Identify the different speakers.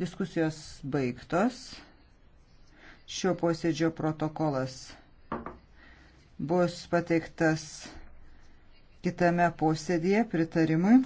Speaker 1: Diskusijos baigtos. Šio posėdžio protokolas bus pateiktas kitame posėdėje pritarimui.